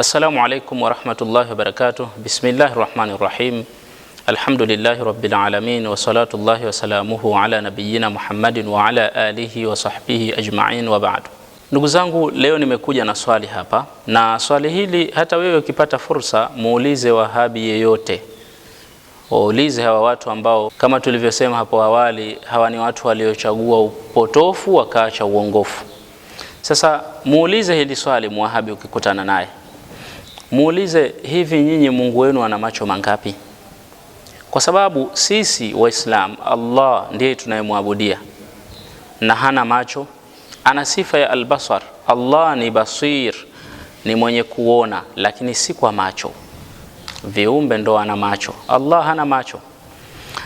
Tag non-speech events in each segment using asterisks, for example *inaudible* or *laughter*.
Assalamu alaikum warahmatullahi wabarakatuh. Bismillahi rahmani rahim. Alhamdulillahi rabbil alamin wasalatullahi wasalamuhu ala nabiyina Muhammadin wa ala alihi wa sahbihi ajmain wa ba'd. Ndugu zangu, leo nimekuja na swali hapa, na swali hili hata wewe ukipata fursa muulize wahabi yeyote, waulize hawa watu ambao kama tulivyosema hapo awali, hawa ni watu waliochagua upotofu wakaacha uongofu. Sasa muulize hili swali mwahabi ukikutana naye muulize hivi, nyinyi Mungu wenu ana macho mangapi? Kwa sababu sisi Waislamu, Allah ndiye tunayemwabudia na hana macho. Ana sifa ya albasar. Allah ni basir, ni mwenye kuona, lakini si kwa macho. Viumbe ndo ana macho, Allah hana macho.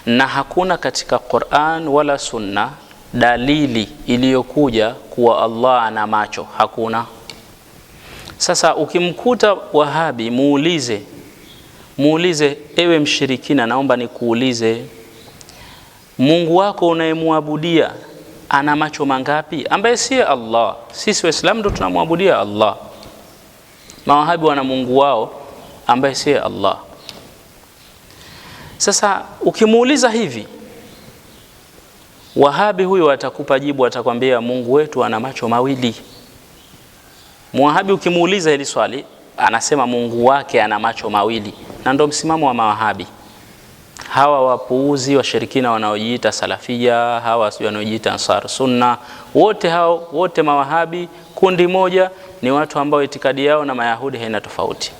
Na hakuna katika Qur'an wala Sunna dalili iliyokuja kuwa Allah ana macho, hakuna. Sasa ukimkuta Wahabi muulize, muulize, ewe mshirikina, naomba nikuulize, Mungu wako unayemwabudia ana macho mangapi, ambaye siye Allah? Sisi Waislamu ndo tunamwabudia Allah, mawahabi wana Mungu wao ambaye siye Allah. Sasa ukimuuliza hivi Wahabi huyo atakupa jibu, atakwambia Mungu wetu ana macho mawili. Mwahabi ukimuuliza hili swali anasema Mungu wake ana macho mawili, na ndio msimamo wa Mawahabi. Hawa wapuuzi washirikina wanaojiita salafia, hawa wanaojiita ansar sunna, wote hao wote Mawahabi kundi moja, ni watu ambao itikadi yao na Mayahudi haina tofauti.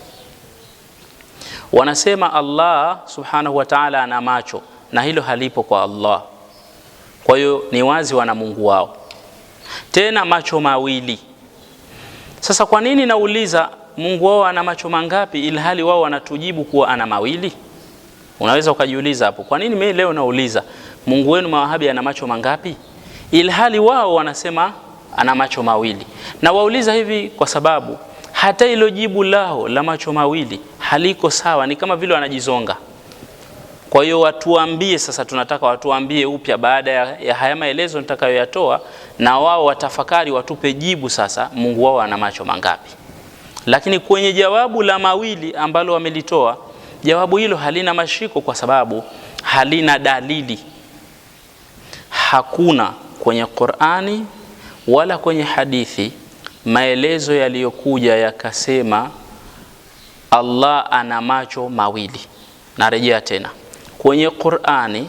Wanasema Allah subhanahu wa ta'ala ana macho, na hilo halipo kwa Allah. Kwa hiyo ni wazi wana mungu wao, tena macho mawili sasa kwa nini nauliza Mungu wao ana macho mangapi ilhali wao wanatujibu kuwa ana mawili? Unaweza ukajiuliza hapo, kwa nini mimi leo nauliza Mungu wenu mawahabi ana macho mangapi ilhali wao wanasema ana macho mawili? Na wauliza hivi kwa sababu hata ilo jibu lao la macho mawili haliko sawa, ni kama vile wanajizonga. Kwa hiyo watuambie sasa, tunataka watuambie upya baada ya, ya haya maelezo nitakayoyatoa, na wao watafakari, watupe jibu sasa, Mungu wao ana macho mangapi? Lakini kwenye jawabu la mawili ambalo wamelitoa, jawabu hilo halina mashiko kwa sababu halina dalili. Hakuna kwenye Qur'ani wala kwenye hadithi maelezo yaliyokuja yakasema Allah ana macho mawili. Narejea tena kwenye Qur'ani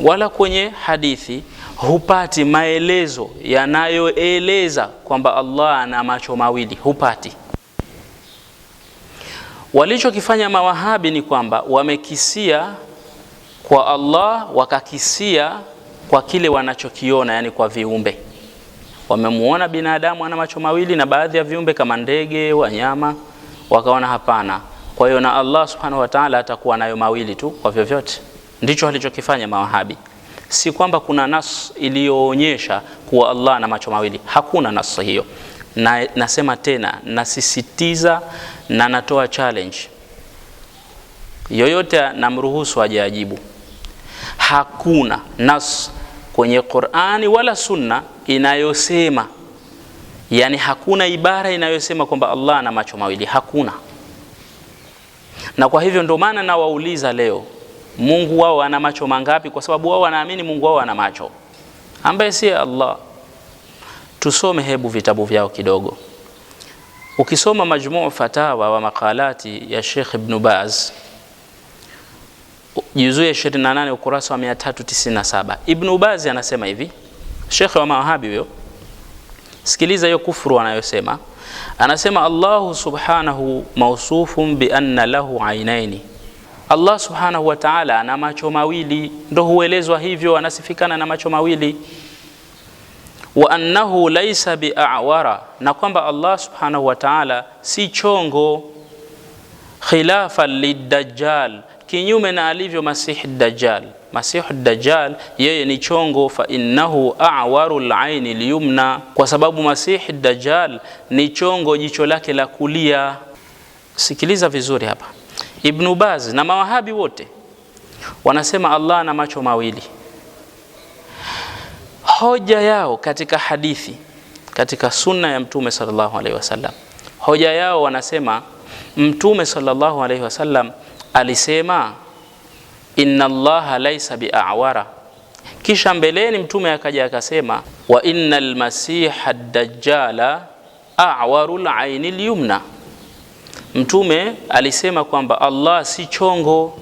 wala kwenye hadithi hupati maelezo yanayoeleza kwamba Allah ana macho mawili, hupati. Walichokifanya mawahabi ni kwamba wamekisia kwa Allah, wakakisia kwa kile wanachokiona, yani kwa viumbe. Wamemuona binadamu ana macho mawili na baadhi ya viumbe kama ndege, wanyama, wakaona hapana kwa hiyo na Allah subhanahu wa ta'ala atakuwa nayo mawili tu kwa vyovyote. Ndicho alichokifanya mawahabi, si kwamba kuna nas iliyoonyesha kuwa Allah na macho mawili. Hakuna nas hiyo na, nasema tena, nasisitiza na natoa challenge yoyote namruhusu aje ajibu. Hakuna nas kwenye Qur'ani wala Sunna inayosema, yani hakuna ibara inayosema kwamba Allah ana macho mawili, hakuna. Na kwa hivyo ndio maana nawauliza leo, Mungu wao ana macho mangapi? Kwa sababu wao wanaamini Mungu wao ana macho ambaye si Allah. Tusome hebu vitabu vyao kidogo. Ukisoma Majmuu Fatawa wa makalati ya Sheikh Ibn Baz juzuu ya 28 ukurasa wa 397, Ibn Baz anasema hivi, Sheikh wa Mawahabi huyo, sikiliza hiyo kufuru anayosema Anasema Allahu subhanahu mausufun bi anna lahu ainaini, Allah subhanahu wa ta'ala ana macho mawili, ndo huelezwa hivyo, anasifikana na macho mawili. Wa annahu laisa biawara, na kwamba Allah subhanahu wa ta'ala si chongo, khilafan lidajjal kinyume na alivyo Masihi Dajjal. Masihi Dajjal yeye ni chongo, fa innahu awaru laini lyumna, kwa sababu Masihi Dajjal ni chongo, jicho lake la kulia. Sikiliza vizuri hapa, Ibnu Baz na mawahabi wote wanasema Allah ana macho mawili. Hoja yao katika hadithi, katika sunna ya Mtume sallallahu alaihi wasallam, hoja yao wanasema Mtume sallallahu alaihi wasallam alisema inna allaha laisa biawara. Kisha mbeleni mtume akaja akasema wa inna lmasiha dajjala awaru laini lyumna. Mtume alisema kwamba Allah si chongo,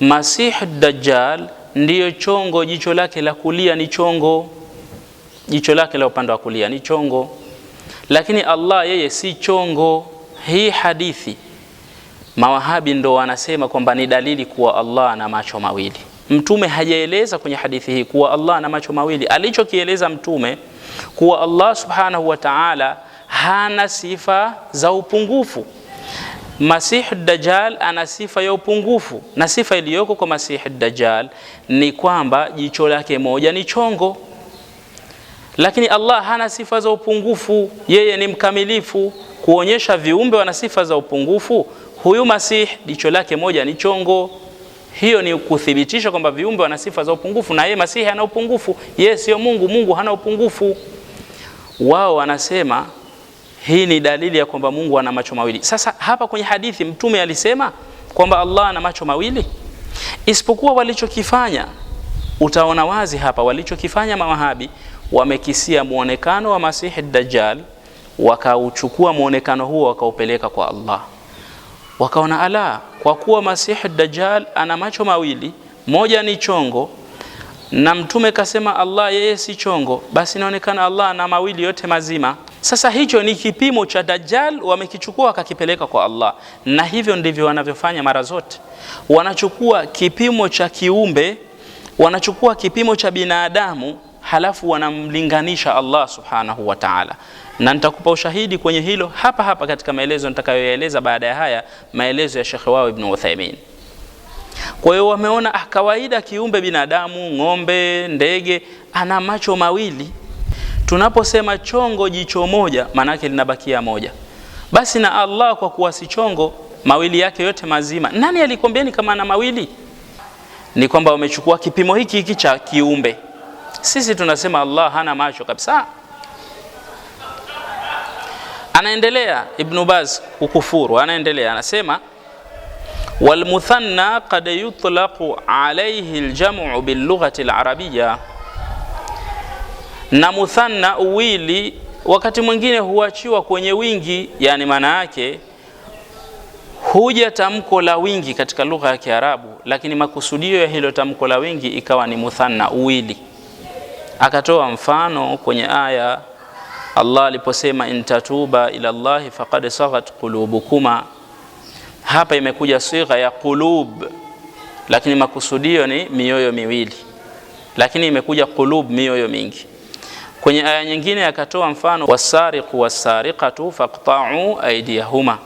masih dajjal ndiyo chongo. Jicho lake la kulia ni chongo, jicho lake la upande wa kulia ni chongo, lakini Allah yeye si chongo. Hii hadithi Mawahabi ndo wanasema kwamba ni dalili kuwa Allah ana macho mawili. Mtume hajaeleza kwenye hadithi hii kuwa Allah ana macho mawili. Alichokieleza Mtume kuwa Allah subhanahu wa ta'ala hana sifa za upungufu. Masihi Dajjal ana sifa ya upungufu, na sifa iliyoko kwa Masihi Dajjal ni kwamba jicho lake moja ni chongo, lakini Allah hana sifa za upungufu, yeye ni mkamilifu. Kuonyesha viumbe wana sifa za upungufu Huyu Masih jicho lake moja ni chongo. Hiyo ni kuthibitisha kwamba viumbe wana sifa za upungufu, na yeye Masihi ana upungufu. Yeye sio Mungu, Mungu hana upungufu. Wao wanasema hii ni dalili ya kwamba Mungu ana macho mawili. Sasa hapa kwenye hadithi Mtume alisema kwamba Allah ana macho mawili, isipokuwa walichokifanya, utaona wazi hapa walichokifanya mawahabi wamekisia muonekano wa Masihi Dajjal, wakauchukua muonekano huo wakaupeleka kwa Allah wakaona ala, kwa kuwa Masihi Dajjal ana macho mawili, moja ni chongo na mtume kasema Allah yeye si chongo, basi inaonekana Allah ana mawili yote mazima. Sasa hicho ni kipimo cha Dajjal, wamekichukua wakakipeleka kwa Allah, na hivyo ndivyo wanavyofanya mara zote. Wanachukua kipimo cha kiumbe, wanachukua kipimo cha binadamu halafu wanamlinganisha Allah subhanahu wa ta'ala, na nitakupa ushahidi kwenye hilo hapa hapa katika maelezo nitakayoeleza baada ya haya maelezo ya Sheikh wao Ibn Uthaymeen. Kwa hiyo wameona ah, kawaida kiumbe binadamu, ng'ombe, ndege ana macho mawili. Tunaposema chongo jicho moja, maanake linabakia moja. Basi na Allah kwa kuwa si chongo, mawili yake yote mazima. Nani alikwambieni kama ana mawili? Ni kwamba wamechukua kipimo hiki hiki cha kiumbe sisi tunasema Allah hana macho kabisa. Anaendelea Ibn Baz kukufuru, anaendelea anasema, walmuthanna qad yutlaqu alayhi aljam'u bilughati alarabiyya, na muthanna uwili wakati mwingine huachiwa kwenye wingi, yani maana yake huja tamko la wingi katika lugha ya Kiarabu, lakini makusudio ya hilo tamko la wingi ikawa ni muthanna uwili Akatoa mfano kwenye aya Allah aliposema intatuba ila llahi faqad saghat qulubukuma. Hapa imekuja sigha ya qulub, lakini makusudio ni mioyo miwili, lakini imekuja qulub, mioyo mingi. Kwenye aya nyingine akatoa mfano wasariqu wasariqatu faqta'u aydiyahuma,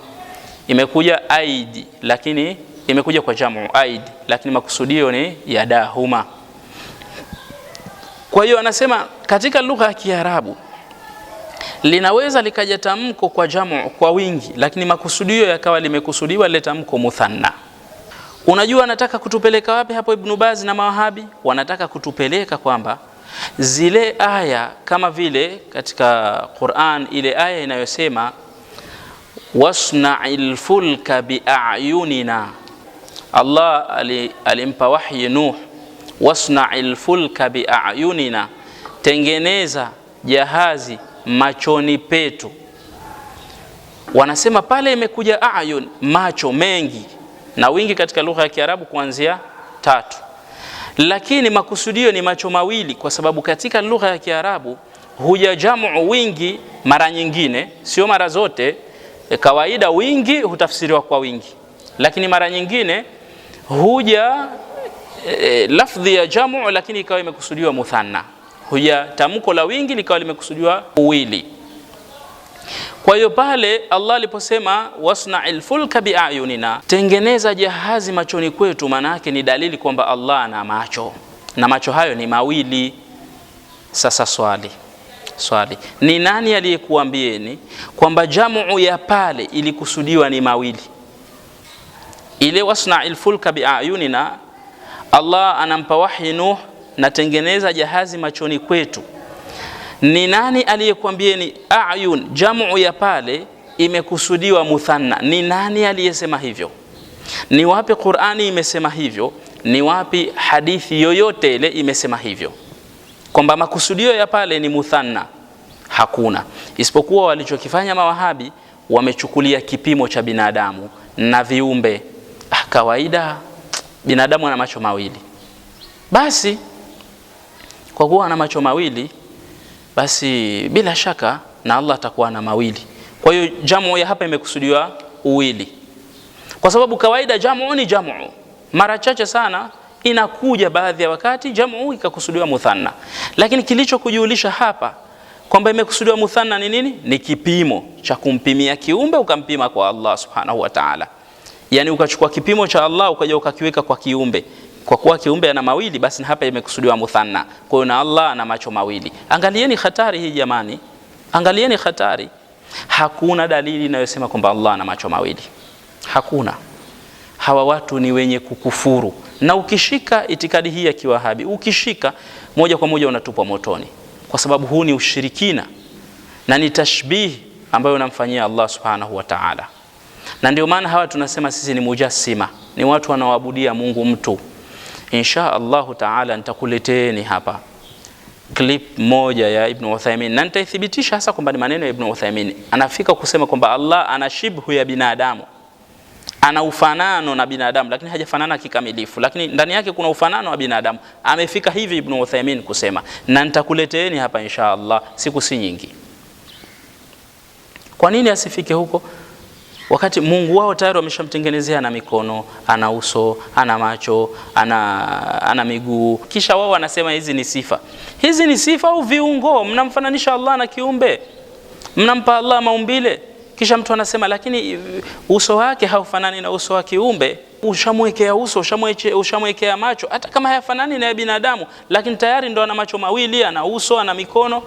imekuja aidi, lakini imekuja kwa jamu aidi, lakini makusudio ni yadahuma kwa hiyo anasema katika lugha ya Kiarabu linaweza likaja tamko kwa jamu kwa wingi, lakini makusudio yakawa limekusudiwa lile tamko muthanna. Unajua anataka kutupeleka wapi hapo Ibnu Bazi na Mawahabi? Wanataka kutupeleka kwamba zile aya kama vile katika Qur'an ile aya inayosema wasna'il fulka biayunina, Allah alimpa ali wahyi Nuh wasna'il fulka biayunina, tengeneza jahazi machoni petu. Wanasema pale imekuja ayun, macho mengi na wingi katika lugha ya Kiarabu kuanzia tatu, lakini makusudio ni macho mawili, kwa sababu katika lugha ya Kiarabu huja jamu wingi mara nyingine, sio mara zote. E, kawaida wingi hutafsiriwa kwa wingi, lakini mara nyingine huja e, lafdhi ya jamu lakini ikawa imekusudiwa muthanna, huja tamko la wingi likawa limekusudiwa uwili. Kwa hiyo pale Allah aliposema wasna'il fulka biayunina, tengeneza jahazi machoni kwetu, maana yake ni dalili kwamba Allah ana macho na macho hayo ni mawili. Sasa swali swali ni nani aliyekuambieni kwamba jamu ya pale ilikusudiwa ni mawili? Ile wasna'il fulka biayunina Allah anampa wahi Nuh, natengeneza jahazi machoni kwetu. Ni nani aliyekwambieni ayun? Jamu ya pale imekusudiwa muthanna. Ni nani aliyesema hivyo? Ni wapi Qur'ani imesema hivyo? Ni wapi hadithi yoyote ile imesema hivyo, kwamba makusudio ya pale ni muthanna? Hakuna, isipokuwa walichokifanya mawahabi wamechukulia kipimo cha binadamu na viumbe ah, kawaida binadamu ana macho mawili. Basi kwa kuwa ana macho mawili, basi bila shaka na Allah atakuwa na mawili. Kwa hiyo jamu ya hapa imekusudiwa uwili, kwa sababu kawaida jamu ni jamu, mara chache sana inakuja baadhi ya wakati jamu ikakusudiwa muthanna, lakini kilichokujulisha hapa kwamba imekusudiwa muthanna ni nini? Ni kipimo cha kumpimia kiumbe ukampima kwa Allah subhanahu wa ta'ala yani ukachukua kipimo cha Allah ukaja ukakiweka kwa kiumbe kwa kuwa kiumbe ana mawili basi hapa imekusudiwa muthanna. Kwa hiyo na Allah ana macho mawili. Angalieni hatari hii jamani, angalieni hatari. Hakuna dalili inayosema kwamba Allah ana macho mawili, hakuna. Hawa watu ni wenye kukufuru, na ukishika itikadi hii ya Kiwahabi, ukishika moja kwa moja unatupwa motoni, kwa sababu huu ni ushirikina na ni tashbihi ambayo unamfanyia Allah subhanahu wa ta'ala na ndio maana hawa tunasema sisi ni mujasima, ni watu wanaoabudia Mungu mtu. Insha Allahu taala nitakuleteni hapa clip moja ya Ibn Uthaymeen na nitaithibitisha hasa kwamba ni maneno ya Ibn Uthaymeen. Anafika kusema kwamba Allah ana shibhu ya binadamu, ana ufanano na binadamu, lakini hajafanana kikamilifu, lakini ndani yake kuna ufanano wa binadamu. Amefika hivi Ibn Uthaymeen kusema, na nitakuleteeni hapa insha Allah siku si nyingi. Kwa nini asifike huko? wakati Mungu wao tayari wameshamtengenezea ana mikono, ana uso, ana macho, ana, ana miguu. Kisha wao wanasema hizi ni sifa, hizi ni sifa au viungo. Mnamfananisha Allah na kiumbe, mnampa Allah maumbile. Kisha mtu anasema lakini uso wake haufanani na uso wa kiumbe. Ushamwekea uso, ushamwekea macho, hata kama hayafanani na ya binadamu, lakini tayari ndo ana macho mawili, ana uso, ana mikono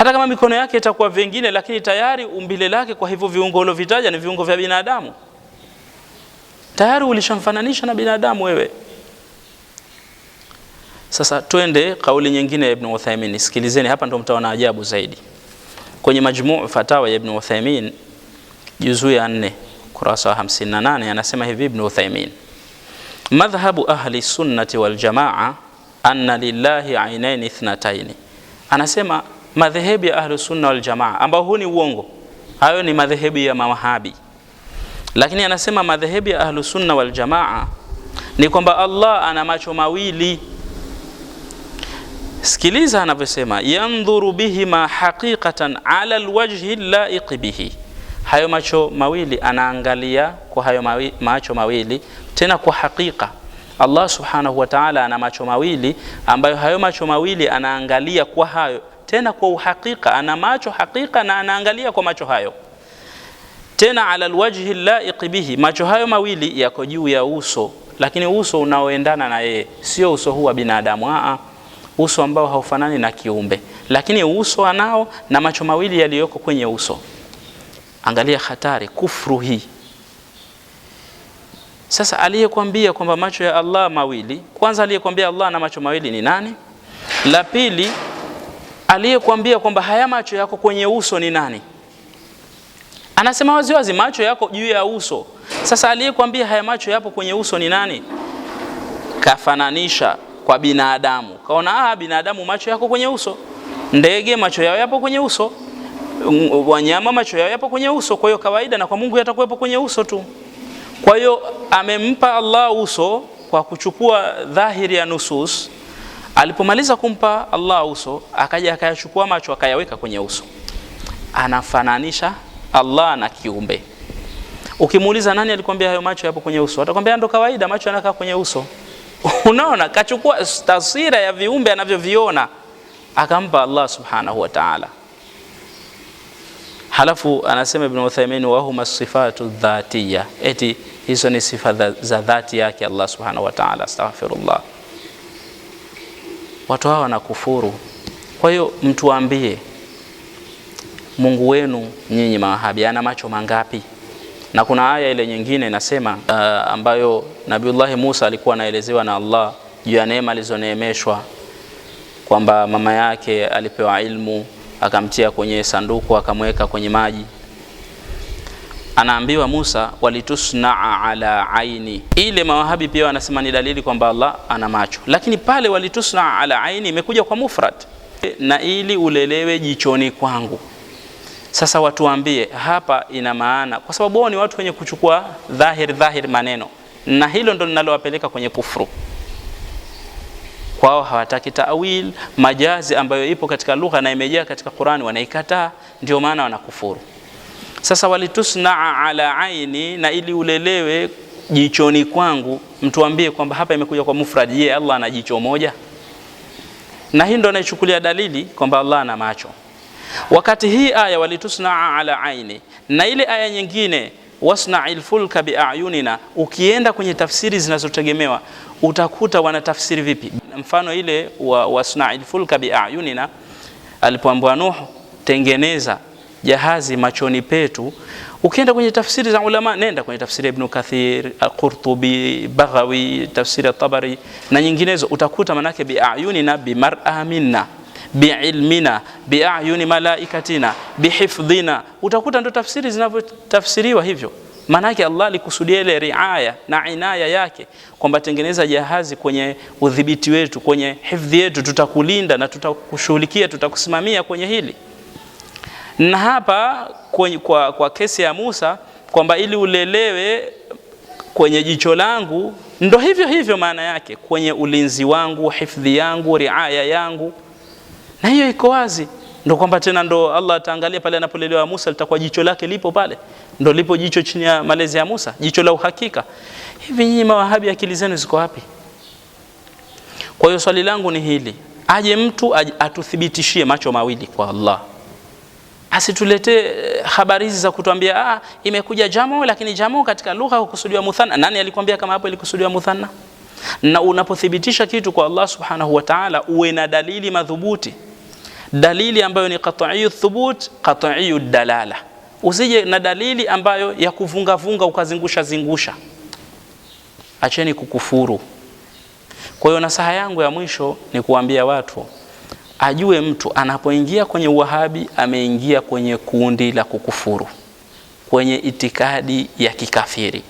hata kama mikono yake itakuwa vingine, lakini tayari umbile lake kwa hivyo viungo uliovitaja ni viungo vya binadamu. Tayari ulishamfananisha na binadamu wewe. Sasa twende kauli nyingine ya Ibn Uthaymeen, sikilizeni hapa, ndio mtaona ajabu zaidi. Kwenye Majmuu Fatawa ya Ibn Uthaymeen juzuu ya 4 kurasa wa 58 anasema hivi Ibn Uthaymeen, madhhabu ahli sunnati wal jamaa anna lillahi ainaini ithnataini, anasema madhehebu ya Ahlusunna Waljamaa, ambao huu ni uongo. Hayo ni madhehebu ya Mawahabi, lakini anasema madhehebu ya Ahlusunna Waljamaa ni kwamba Allah ana macho mawili. Sikiliza anavyosema, yandhuru bihima haqiqatan ala alwajhi laiqi bihi hayo macho mawili anaangalia kwa hayo mawi, macho mawili tena kwa hakika. Allah subhanahu wa ta'ala ana macho mawili ambayo hayo macho mawili anaangalia kwa hayo tena kwa uhakika, ana macho hakika na anaangalia kwa macho hayo, tena ala alwajhi laiq bihi, macho hayo mawili yako juu ya uso, lakini uso unaoendana na yeye, sio uso huu wa binadamu a uso ambao haufanani na kiumbe, lakini uso anao na macho mawili yaliyoko kwenye uso. Angalia hatari kufru hii. Sasa aliyekwambia kwamba macho ya Allah mawili, kwanza aliyekwambia Allah na macho mawili ni nani? La pili Aliyekwambia kwamba haya macho yako kwenye uso ni nani? Anasema waziwazi macho yako juu ya uso. Sasa aliyekwambia haya macho yapo kwenye uso ni nani? Kafananisha kwa binadamu, kaona ah, binadamu macho yako kwenye uso, ndege macho yao yapo kwenye uso, wanyama macho yao yapo kwenye uso. Kwa hiyo kawaida, na kwa Mungu yatakuwepo kwenye uso tu. Kwa hiyo amempa Allah uso kwa kuchukua dhahiri ya nusus Alipomaliza kumpa Allah uso, akaja akayachukua macho akayaweka kwenye uso. Anafananisha Allah na kiumbe. Ukimuuliza nani alikwambia hayo macho yapo kwenye uso, atakwambia ndo kawaida, macho yanakaa kwenye uso. *laughs* Unaona, kachukua taswira ya viumbe anavyoviona akampa Allah subhanahu wa ta'ala. Halafu anasema Ibn Uthaymeen, wa huma sifatu dhatiyya, eti hizo ni sifa za dhati yake Allah subhanahu wa ta'ala. Astaghfirullah watu hawa wanakufuru. Kwa hiyo mtuambie Mungu wenu nyinyi mawahabi ana macho mangapi? Na kuna aya ile nyingine inasema uh, ambayo Nabiullahi Musa alikuwa anaelezewa na Allah juu ya neema alizoneemeshwa kwamba mama yake alipewa ilmu akamtia kwenye sanduku akamweka kwenye maji anaambiwa Musa, walitusnaa ala aini. Ile mawahabi pia wanasema ni dalili kwamba Allah ana macho, lakini pale walitusnaa ala aini imekuja kwa mufrad, na ili ulelewe jichoni kwangu. Sasa watuambie hapa ina maana, kwa sababu wao ni watu wenye kuchukua dhahir dhahir maneno, na hilo ndo linalowapeleka kwenye kufru Kwao hawataki tawil majazi ambayo ipo katika lugha na imejaa katika Qur'ani, wanaikataa, ndio maana wanakufuru. Sasa walitusnaa ala aini, na ili ulelewe jichoni kwangu. Mtuambie kwamba hapa imekuja kwa mufradi. Je, Allah ana jicho moja? Na hii ndo anaichukulia dalili kwamba Allah ana macho, wakati hii aya walitusnaa ala aini na ile aya nyingine wasna'il fulka biayunina, ukienda kwenye tafsiri zinazotegemewa utakuta wanatafsiri vipi? Mfano ile wa wasna'il fulka biayunina alipoambiwa Nuhu tengeneza jahazi machoni petu. Ukienda kwenye tafsiri za ulama, nenda kwenye tafsiri ya Ibn Kathir, al Qurtubi, Baghawi, tafsiri ya Tabari na nyinginezo, utakuta manake bi bi mar'a minna bi ilmina bi ayuni malaikatina bi hifdhina, utakuta ndo tafsiri zinavyotafsiriwa hivyo. Maanake Allah alikusudia ile riaya na inaya yake kwamba tengeneza jahazi kwenye udhibiti wetu, kwenye hifdhi yetu, tutakulinda na tutakushughulikia, tutakusimamia kwenye hili. Na hapa kwenye, kwa, kwa kesi ya Musa kwamba ili ulelewe kwenye jicho langu, ndo hivyo hivyo, maana yake kwenye ulinzi wangu, hifadhi yangu, riaya yangu, na hiyo iko wazi ndo kwamba tena ndo Allah ataangalia pale anapolelewa Musa, litakuwa jicho lake lipo pale, ndo lipo jicho chini ya malezi ya Musa, jicho la uhakika. Hivi nyinyi mawahabi akili zenu ziko wapi? Kwa hiyo swali langu ni hili, aje mtu atuthibitishie macho mawili kwa Allah asituletee eh, habari hizi za kutuambia ah, imekuja jamu, lakini jamu katika lugha hukusudiwa muthanna. Nani alikwambia kama hapo ilikusudiwa muthanna? Na unapothibitisha kitu kwa Allah subhanahu wa ta'ala, uwe na dalili madhubuti, dalili ambayo ni qat'iyyu thubut, qat'iyyu dalala. Usije na dalili ambayo ya kuvungavunga ukazingusha zingusha. Acheni kukufuru. Kwa hiyo nasaha yangu ya mwisho ni kuambia watu ajue mtu anapoingia kwenye Uwahabi ameingia kwenye kundi la kukufuru, kwenye itikadi ya kikafiri.